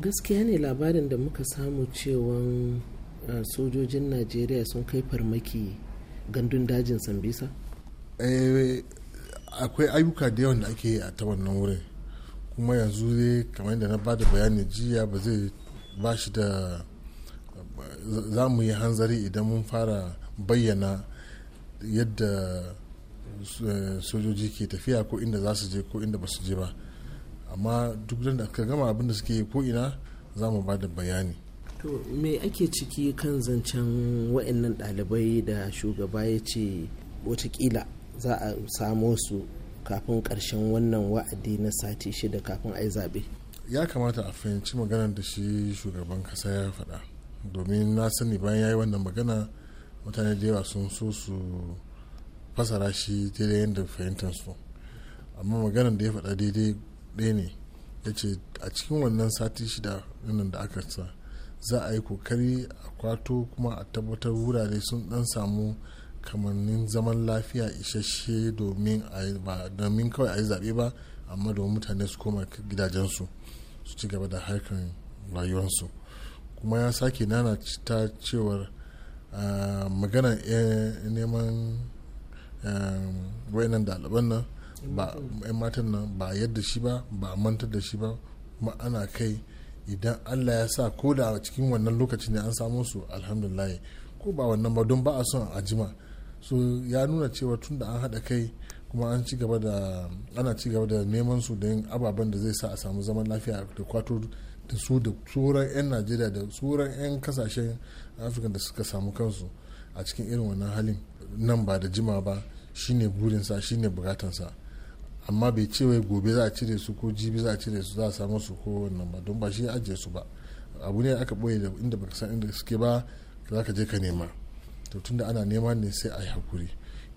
gaskiya ne labarin da muka samu cewa sojojin najeriya sun kai farmaki gandun dajin sambisa eh, akwai ayyuka da yawan da ake yi a ta wannan wurin kuma yanzu dai kamar da na bada bayani jiya ba zai ba shi da za mu yi hanzari idan mun fara bayyana yadda eh, sojoji ke tafiya ko inda za su je ko inda ba su je ba amma duk da aka gama abin da suke ko ina za mu ba da bayani to me ake ciki kan zancen wa'annan ɗalibai da shugaba ya ce watakila za a samo su kafin ƙarshen wannan wa'adi na sati shida kafin a yi zaɓe ya kamata a fahimci maganar da shi shugaban kasa ya faɗa domin na sani bayan ya yi wannan magana mutane da yawa sun so su fasara shi daidai yadda fahimtar su amma maganar da ya faɗa daidai ɗaya ne ya ce a cikin wannan sati shida nan da aka sa za a yi kokari a kwato kuma a tabbatar wurare sun ɗan samu kamannin zaman lafiya isasshe domin domin kawai a yi zaɓe ba amma domin mutane su koma gidajensu su ci gaba da harkar rayuwarsu kuma ya sake nana ta cewar maganar eh, neman da eh, ɗaliban nan ba 'yan matan nan ba yadda shi ba ba mantar da shi ba kuma ana kai idan allah ya sa ko da cikin wannan lokacin ne an samu su alhamdulillah ko ba wannan ba don ba a son a jima so ya nuna cewa tun da an haɗa kai kuma an ci gaba da ana ci gaba da neman su da yin ababen da zai sa a samu zaman lafiya da kwato da su da tsoron 'yan najeriya da tsoron 'yan kasashen afirka da suka samu kansu a cikin irin wannan halin nan ba da jima ba shine burinsa shine bukatansa amma bai ce wai gobe za a cire su ko jibi za a cire su za a samu su ko wannan ba don ba shi ajiye su ba abu ne aka boye da inda baka san inda suke ba za ka je ka nema to tunda ana nema ne sai a yi hakuri